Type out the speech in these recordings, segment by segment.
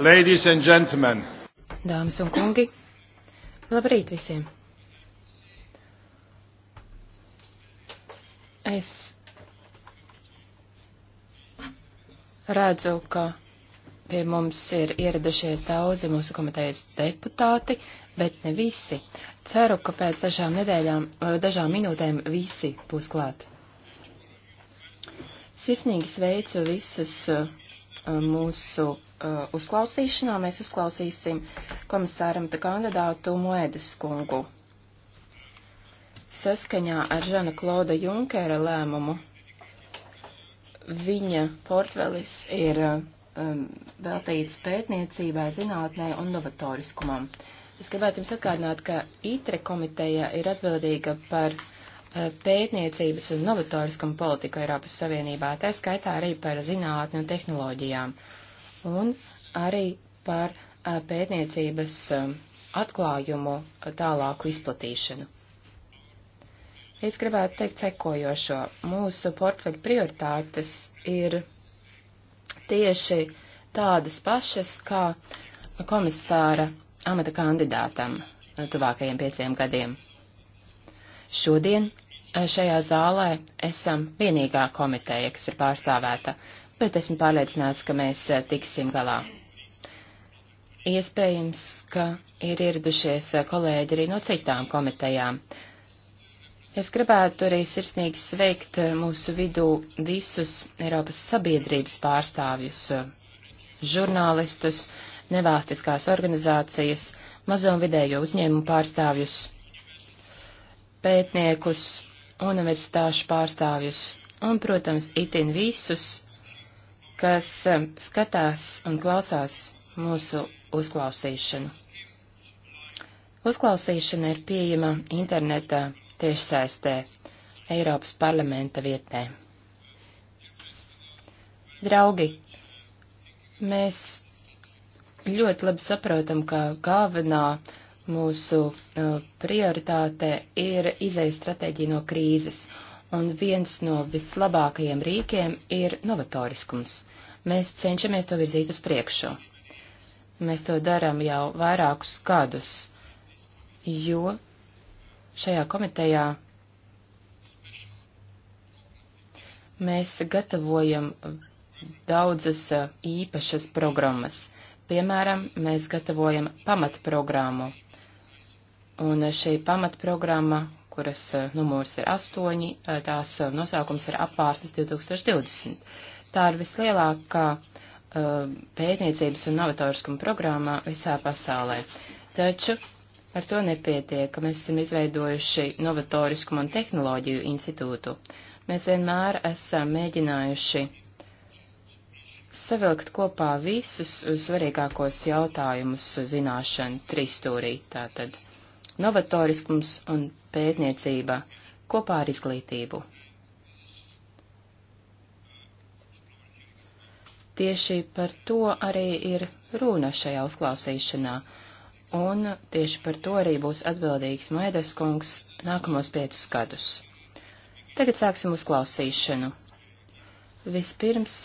Ladies and gentlemen. Dāmas un kungi, labrīt visiem. Es redzu, ka pie mums ir ieradušies daudzi mūsu komitejas deputāti, bet ne visi. Ceru, ka pēc dažām nedēļām, eh, dažām minūtēm visi būs klāti. Sirsnīgi sveicu visus eh, Uh, mūsu uh, uzklausīšanā mēs uzklausīsim komisāram te kandidātu Moedas kungu. Saskaņā ar Žana Klauda Junkera lēmumu viņa portfelis ir uh, um, veltīts pētniecībai, zinātnē un novatoriskumam. Es gribētu jums atgādināt, ka ITRE komiteja ir atbildīga par uh, Eh, pētniecības un novatoriskam politiku Eiropas Savienībā, tā skaitā arī par zinātni un tehnoloģijām, un arī par eh, pētniecības eh, atklājumu tālāku izplatīšanu. Es gribētu teikt sekojošo. Mūsu portfeļu prioritātes ir tieši tādas pašas, kā komisāra amata kandidātam tuvākajiem pieciem gadiem. Šodien Eh, šajā zālē esam vienīgā komiteja, kas ir pārstāvēta, bet esmu pārliecināts, ka mēs eh, tiksim galā. Iespējams, ka ir ieradušies eh, kolēģi arī no citām komitejām. Es gribētu arī sirsnīgi sveikt mūsu vidū visus Eiropas sabiedrības pārstāvjus, žurnālistus, nevalstiskās organizācijas, mazo un vidējo uzņēmumu pārstāvjus, pētniekus, universitāšu pārstāvjus un, protams, itin visus, kas um, skatās un klausās mūsu uzklausīšanu. Uzklausīšana ir pieejama internetā tiešsaistē Eiropas parlamenta vietnē. Draugi, mēs ļoti labi saprotam, ka galvenā uh, mūsu uh, prioritāte ir izejas stratēģija no krīzes, un viens no vislabākajiem rīkiem ir novatoriskums. Mēs cenšamies to virzīt uz priekšu. Mēs to darām jau vairākus gadus, jo šajā komitejā mēs gatavojam daudzas uh, īpašas programmas. Piemēram, mēs gatavojam pamatprogrammu Un šī pamatprogramma, kuras eh, numurs ir astoņi, eh, tās eh, nosaukums ir apvārstas 2020. Tā ir vislielākā pētniecības un novatoriskuma programmā visā pasaulē. Taču ar to nepietiek, ka mēs esam izveidojuši novatoriskumu un tehnoloģiju institūtu. Mēs vienmēr esam mēģinājuši savilkt kopā visus svarīgākos jautājumus zināšanu trīstūrī tātad novatoriskums un pētniecība kopā ar izglītību. Tieši par to arī ir runa šajā uzklausīšanā, un tieši par to arī būs atbildīgs Maidas kungs nākamos piecus gadus. Tagad sāksim uzklausīšanu. Vispirms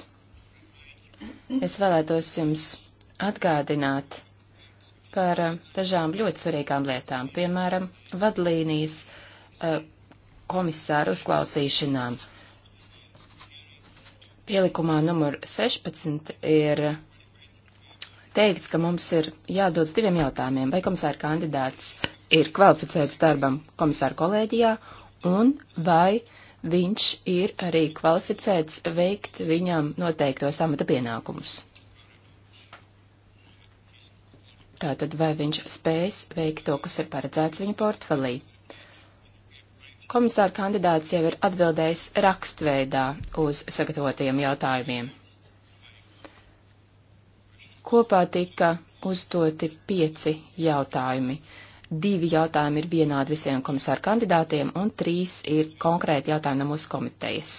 es vēlētos jums atgādināt, par dažām ļoti svarīgām lietām, piemēram, vadlīnijas eh, komisāru uzklausīšanām. Pielikumā numur 16 ir teikts, ka mums ir jādodas diviem jautājumiem, vai komisāra kandidāts ir kvalificēts darbam komisāra kolēģijā un vai viņš ir arī kvalificēts veikt viņam noteiktos amata pienākumus. Tātad, vai viņš spēs veikt to, kas ir paredzēts viņa portfelī? Komisāra kandidāts jau ir atbildējis rakstveidā uz sagatavotajiem jautājumiem. Kopā tika uzdoti pieci jautājumi. Divi jautājumi ir vienādi visiem komisāru kandidātiem, un trīs ir konkrēti jautājumi no mūsu komitejas.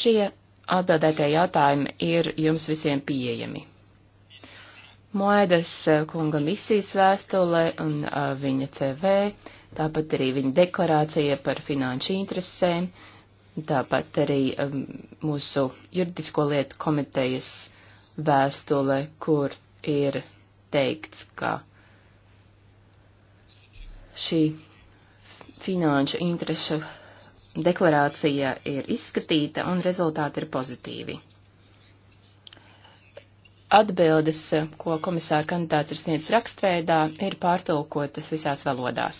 Šie atbildētie jautājumi ir jums visiem pieejami. Moedas eh, kunga misijas vēstule un uh, viņa CV, tāpat arī viņa deklarācija par finanšu interesēm, tāpat arī um, mūsu juridisko lietu komitejas vēstule, kur ir teikts, ka šī finanšu interešu deklarācija ir izskatīta un rezultāti ir pozitīvi. Atbildes, ko komisāra kandidāts ir sniedzis rakstveidā, ir pārtulkotas visās valodās.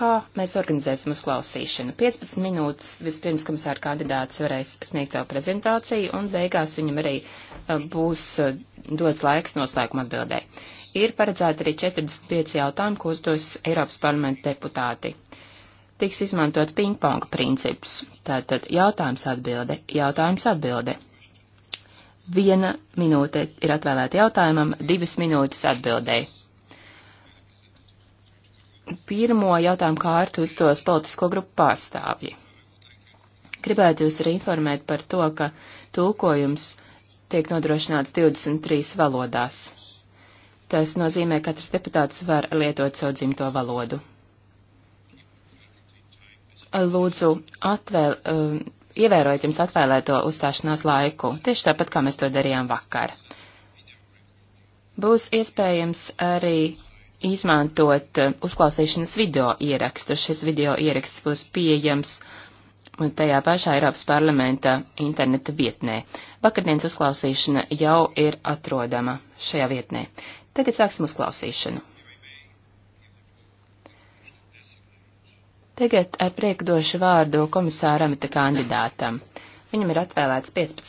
Kā mēs organizēsim uzklausīšanu? 15 minūtes vispirms komisāra kandidāts varēs sniegt savu prezentāciju, un beigās viņam arī eh, būs eh, dots laiks noslēguma atbildē. Ir paredzēta arī 45 jautājumi, ko uzdos Eiropas parlamenta deputāti tiks izmantots pingpong princips. Tātad jautājums atbilde, jautājums atbilde. Viena minūte ir atvēlēta jautājumam, divas minūtes atbildēji. Pirmo jautājumu kārtu uzdos politisko grupu pārstāvji. Gribētu jūs arī informēt par to, ka tulkojums tiek nodrošināts 23 valodās. Tas nozīmē, ka katrs deputāts var lietot savu dzimto valodu. Lūdzu, atvēl, um, ievērojat jums atvēlēto uzstāšanās laiku, tieši tāpat, kā mēs to darījām vakar. Būs iespējams arī izmantot um, uzklausīšanas video ierakstu. Šis video ieraksts būs pieejams tajā pašā Eiropas parlamenta interneta vietnē. Vakardienas uzklausīšana jau ir atrodama šajā vietnē. Tagad sāksim uzklausīšanu. Tagad ar eh, prieku došu vārdu komisāra amata kandidātam. Viņam ir atvēlēts 15